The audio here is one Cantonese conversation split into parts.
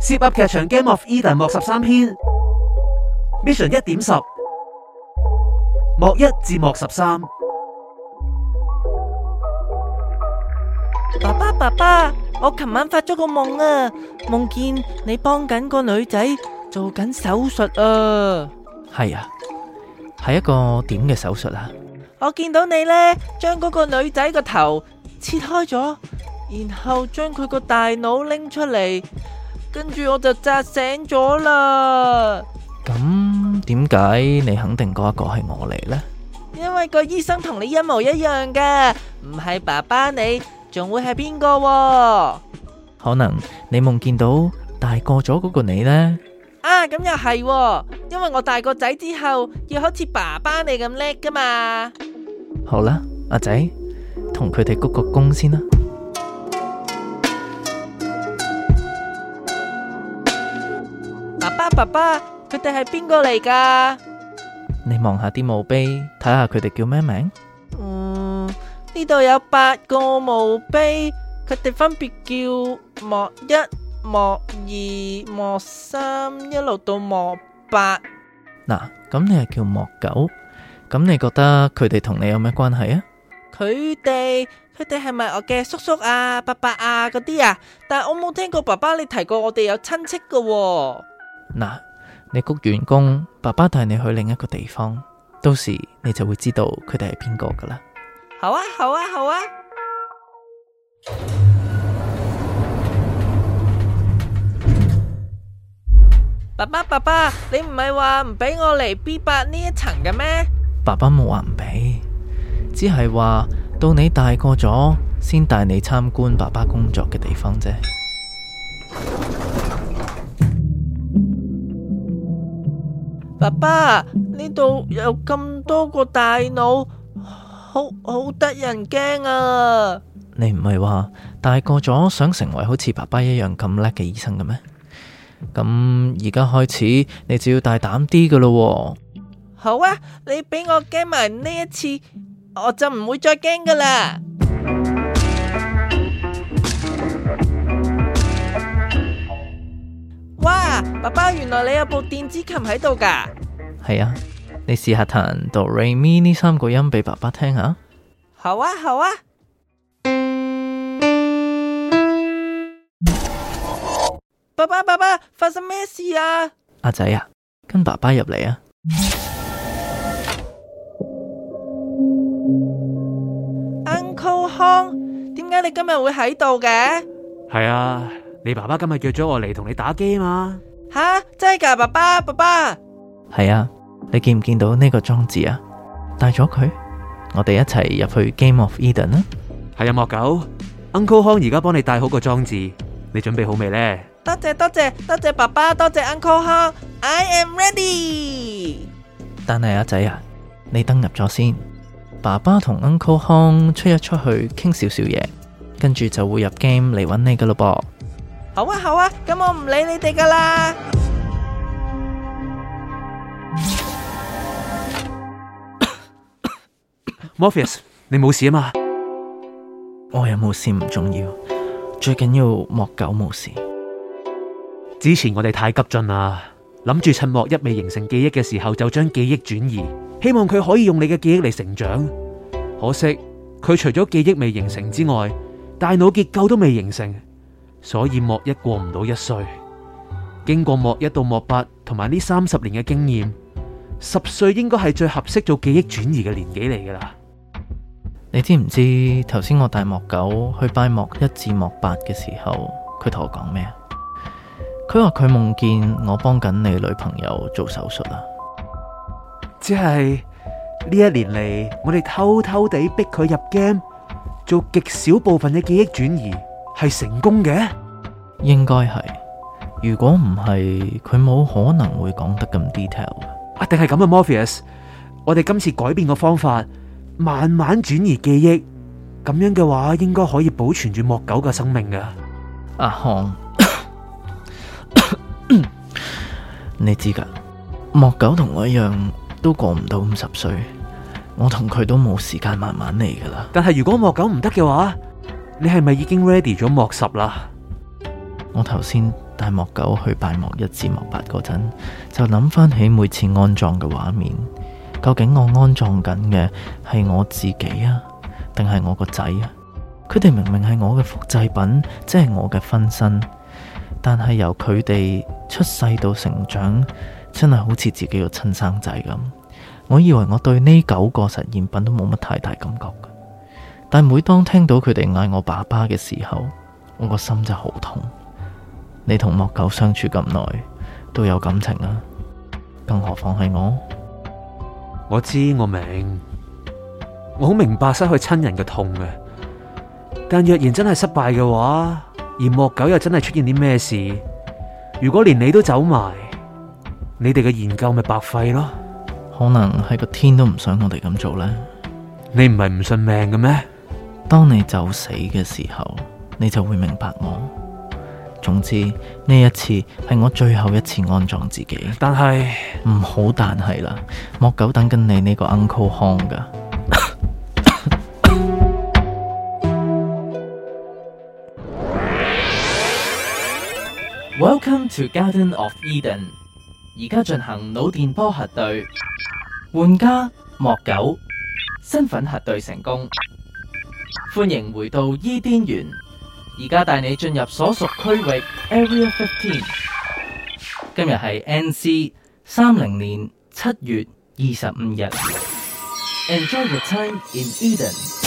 Zip 噏劇場 Game of Eden 莫十三篇 mission 一點十「莫一至莫十三」，爸爸爸爸，我琴晚發咗個夢啊，夢見你幫緊個女仔做緊手術啊。係啊，係一個點嘅手術啊？我見到你咧，將嗰個女仔個頭切開咗，然後將佢個大腦拎出嚟。跟住我就扎醒咗啦。咁點解你肯定嗰一個係我嚟呢？因為個醫生同你一模一樣噶，唔係爸爸你，仲會係邊個喎？可能你夢見到大個咗嗰個你呢？啊，咁又係，因為我大個仔之後要好似爸爸你咁叻噶嘛。好啦，阿仔，同佢哋鞠個躬躬先啦。爸爸，佢哋係邊個嚟？噶？你望下啲墓碑，睇下佢哋叫咩名？嗯，呢度有八個墓碑，佢哋分別叫莫一、莫二、莫三，一路到莫八。嗱，咁你係叫莫九，咁你覺得佢哋同你有咩關係啊？佢哋，佢哋係咪我嘅叔叔啊、伯伯啊嗰啲啊？但係我冇聽過爸爸你提過我哋有親戚噶喎。嗱，你鞠完躬，爸爸帶你去另一個地方，到時你就會知道佢哋係邊個噶啦。好啊，好啊，好啊！爸爸，爸爸，你唔係話唔俾我嚟 B8 呢一層嘅咩？爸爸冇話唔俾，只係話到你大個咗，先帶你參觀爸爸工作嘅地方啫。爸爸，呢度有咁多個大腦，好好得人驚啊！你唔係話大個咗想成為好似爸爸一樣咁叻嘅醫生嘅咩？咁而家開始，你就要大膽啲嘅咯。好啊，你俾我驚埋呢一次，我就唔會再驚噶啦。哇，爸爸，原來你有部電子琴喺度噶！係啊，你試下彈 Do Re Mi 呢三個音俾爸爸聽下。好啊，好啊。爸爸，爸爸，發生咩事啊？阿仔啊，跟爸爸入嚟啊。Uncle 康，點解你今日會喺度嘅？係啊，你爸爸今日約咗我嚟同你打機嘛？吓，真係噶，爸爸，爸爸。係啊。你見唔見到呢個裝置啊？戴咗佢，我哋一齊入去 Game of Eden 啊。係啊，莫九，Uncle 康而家幫你戴好個裝置，你準備好未呢？多謝多謝多謝爸爸，多謝 Uncle 康，I am ready 但。但係阿仔啊，你登入咗先。爸爸同 Uncle 康出一出去傾少少嘢，跟住就會入 game 嚟搵你噶咯噃。好啊好啊，咁我唔理你哋噶啦。Morpheus，你冇事啊嘛？我有冇事唔重要，最緊要莫九冇事。之前我哋太急進啦，諗住趁莫一未形成記憶嘅時候就將記憶轉移，希望佢可以用你嘅記憶嚟成長。可惜佢除咗記憶未形成之外，大腦結構都未形成，所以莫一過唔到一歲。經過莫一到莫八同埋呢三十年嘅經驗，十歲應該係最合適做記憶轉移嘅年紀嚟噶啦。你知唔知頭先我帶莫九去拜莫一至莫八嘅時候，佢同我講咩啊？佢話佢夢見我幫緊你女朋友做手術啊！即係呢一年嚟，我哋偷偷地逼佢入 game 做極少部分嘅記憶轉移，係成功嘅。應該係。如果唔係，佢冇可能會講得咁 detail 啊！定係咁啊，Morpheus 我哋今次改變個方法。慢慢轉移記憶，咁樣嘅話，應該可以保存住莫九嘅生命噶。阿康、啊， 你知噶，莫九同我一樣都過唔到五十歲，我同佢都冇時間慢慢嚟噶啦。但係如果莫九唔得嘅話，你係咪已經 ready 咗莫十啦？我頭先帶莫九去拜莫一至莫八嗰陣，就諗翻起每次安葬嘅畫面。究竟我安葬緊嘅係我自己啊，定係我個仔啊？佢哋明明係我嘅複製品，即係我嘅分身，但係由佢哋出世到成長，真係好似自己個親生仔咁。我以為我對呢九個實驗品都冇乜太大感覺，但每當聽到佢哋嗌我爸爸嘅時候，我個心就好痛。你同莫九相處咁耐都有感情啦、啊，更何況係我。我知我明，我好明白失去親人嘅痛嘅。但若然真係失敗嘅話，而莫九又真係出現啲咩事？如果連你都走埋，你哋嘅研究咪白費咯？可能係個天都唔想我哋咁做咧。你唔係唔信命嘅咩？當你就死嘅時候，你就會明白我。總之，呢一次係我最後一次安葬自己。但係是唔好但係啦，莫九等緊你呢個 uncle 康噶。 Welcome to Garden of Eden。而家進行腦電波核對，玩家莫九，身份核對成功。歡迎回到伊甸園。而家帶你進入所屬區域 Area 15。今日係 NC 三零年七月二十五日。Enjoy your time in Eden。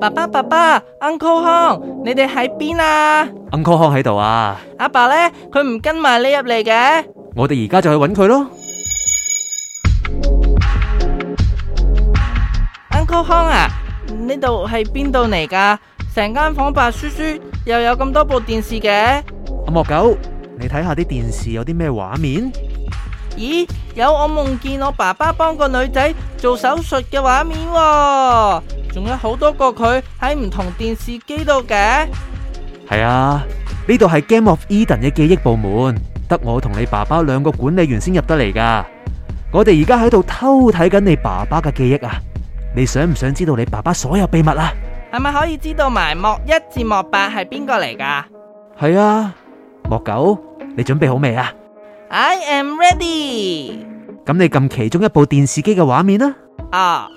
爸爸。爸爸康，啊康啊，爸爸，Uncle 康，你哋喺邊啊？Uncle 康喺度啊。阿爸咧？佢唔跟埋你入嚟嘅？我哋而家就去揾佢咯。Uncle 康啊，呢度係邊度嚟噶？成間房白雪雪，又有咁多部電視嘅。阿莫九，你睇下啲電視有啲咩畫面？咦，有我夢見我爸爸幫個女仔做手術嘅畫面喎，仲有好多個佢喺唔同電視機度嘅。係啊，呢度係 Game of Eden 嘅記憶部門，得我同你爸爸兩個管理員先入得嚟㗎。我哋而家喺度偷睇緊你爸爸嘅記憶啊！你想唔想知道你爸爸所有秘密啊？係咪可以知道埋莫一至莫八係邊個嚟噶？係啊，莫九，你準備好未啊？I am ready。咁你撳其中一部電視機嘅畫面啊。啊？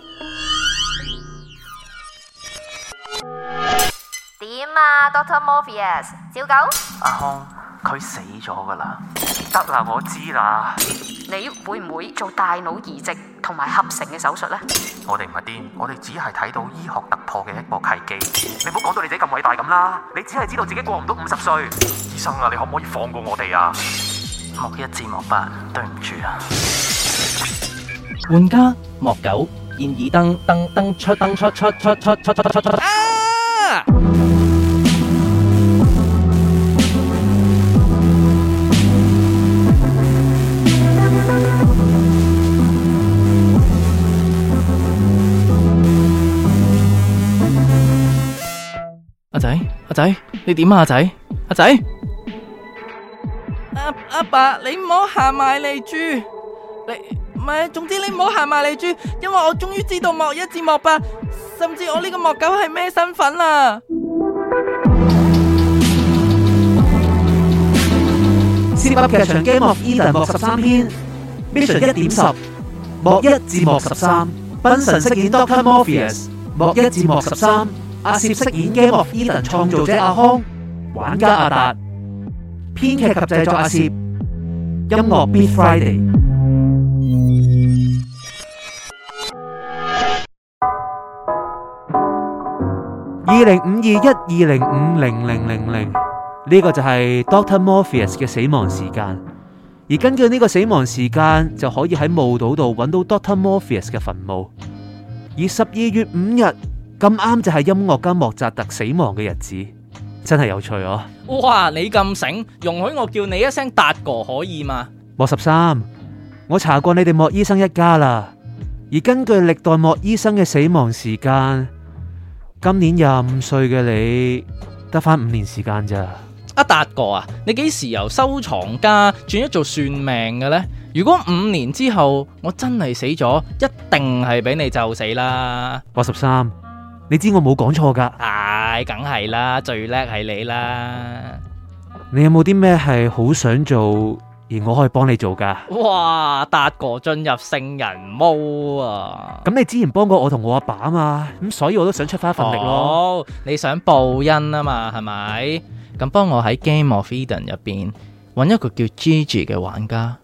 點啊，Doctor Morpheus，小狗？阿康，佢死咗噶啦。得啦，我知啦。你會唔會做大腦移植？同埋合成嘅手術咧 Ö LE，我哋唔係癲，我哋只係睇到醫學突破嘅一個契機。P ie resource 你唔好講到你自己咁偉大咁啦，Tyson，你只係知道自己過唔到五十歲。醫生啊，你可唔可以放過我哋啊？莫一至莫八，對唔住啊！玩家莫九，現已登登登出登出出出出出出出出。仔，你點啊？仔，阿仔，阿阿爸，你唔好行埋嚟住。你唔係，總之你唔好行埋嚟住，因為我終於知道莫一至莫八，甚至我呢個莫九係咩身份啦，啊。Zip 噏劇場 Game of Eden 莫十三篇 mission 一點十莫一至莫十三，賓 神飾演 Doctor Morpheus 莫一至莫十三。阿攝飾演 Game of Eden 創造者阿康，玩家阿達，編劇及製作阿攝，音樂 Beat Friday。二零五二一二零五零零零零，呢個就係 Doctor Morpheus 嘅死亡時間。而根據呢個死亡時間，就可以喺墓島度揾到 Doctor Morpheus 嘅墳墓。而十二月五日。咁啱就係音樂家莫扎特死亡嘅日子，真係有趣哦、啊！哇，你咁醒，容許我叫你一聲達哥可以嗎？莫十三，我查過你哋莫醫生一家啦。而根據歷代莫醫生嘅死亡時間，今年廿五歲嘅你得返五年時間咋？阿、啊、達哥啊，你幾時由收藏家轉咗做算命嘅呢？如果五年之後我真係死咗，一定係俾你咒死啦，莫十三。你知我冇講錯噶，唉、哎，梗係啦，最叻係你啦。你有冇啲咩係好想做，而我可以幫你做噶？哇，達哥進入聖人模啊！咁你之前幫過我同我阿爸啊嘛，咁所以我都想出翻份力咯、哦。你想報恩啊嘛，係咪？咁幫我喺 Game of Eden 入邊搵一個叫 Gigi 嘅玩家。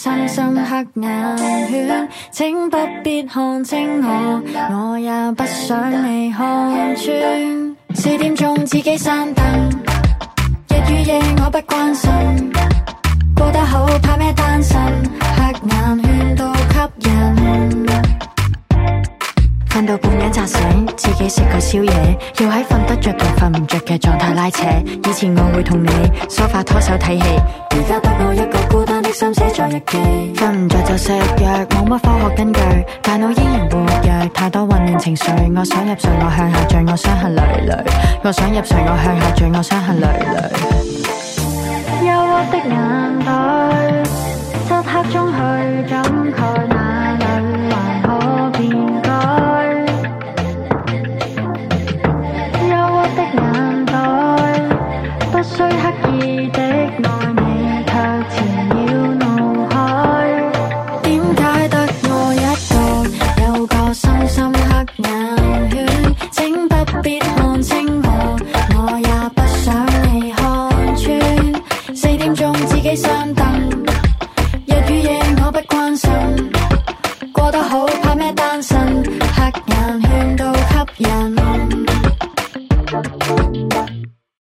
深深黑眼圈，請不必看清我，我也不想你看穿。四點鐘自己閂燈，日與夜我不關心，過得好怕咩單身，黑眼圈都吸引。瞓到半夜紮醒，自己食個宵夜。不斷瞓唔着嘅狀態拉扯，以前我會同你梳化拖手睇戲，而家得我一個孤單的心寫在日記，瞓唔着就食藥，冇乜科學根據，大腦依然活躍，太多混亂情緒，我想入睡我向下墜，我傷痕累累，我想入睡我向下墜，我傷痕累累，憂鬱的眼袋，漆黑中去感慨。